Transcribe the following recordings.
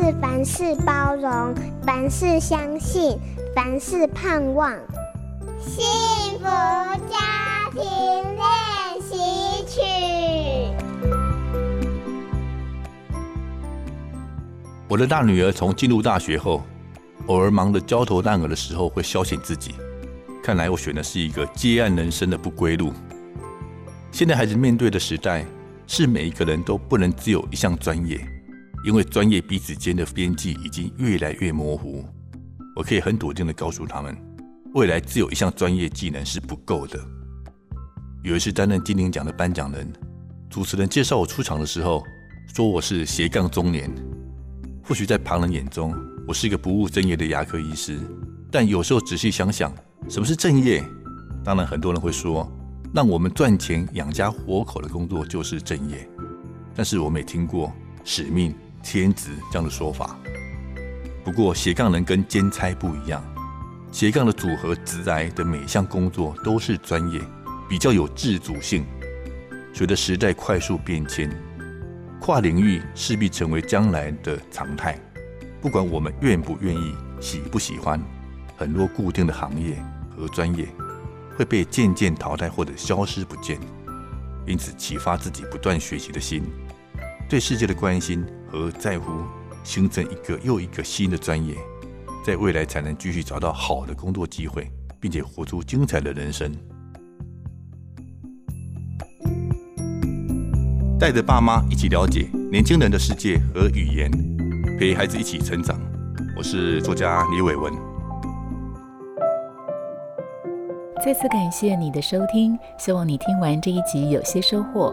是凡事包容，凡事相信，凡事盼望。幸福家庭練習曲。我的大女兒從進入大學後，偶爾忙得焦頭爛額的時候，會消遣自己，看來我選的是一個接案人生的不歸路。現在孩子面對的時代，是每一個人都不能只有一項專業。因為專業彼此間的邊際已經越來越模糊，我可以很篤定地告訴他們，未來只有一項專業技能是不夠的。有一次擔任金鼎獎的頒獎人，主持人介紹我出場的時候，說我是斜槓中年。或許在旁人眼中，我是一個不務正業的牙科醫師，但有時候仔細想想，什麼是正業？當然，很多人會說，讓我們賺錢養家活口的工作就是正業。但是我們也聽過，使命。兼職這樣的說法，不過斜槓人跟兼差不一樣，斜槓的組合直來的每項工作都是專業，比較有自主性。隨着時代快速變遷，跨領域勢必成為將來的常態。不管我們願不願意、喜不喜歡，很多固定的行業和專業會被漸漸淘汰或者消失不見。因此，啟發自己不斷學習的心，對世界的關心和在乎，形成一個又一個新的專業，在未來才能繼續找到好的工作機會，並且活出精彩的人生。帶着爸媽一起了解年輕人的世界和語言，陪孩子一起成長。我是作家李偉文。再次感謝你的收聽，希望你聽完這一集有些收穫。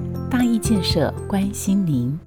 大毅建設關心您。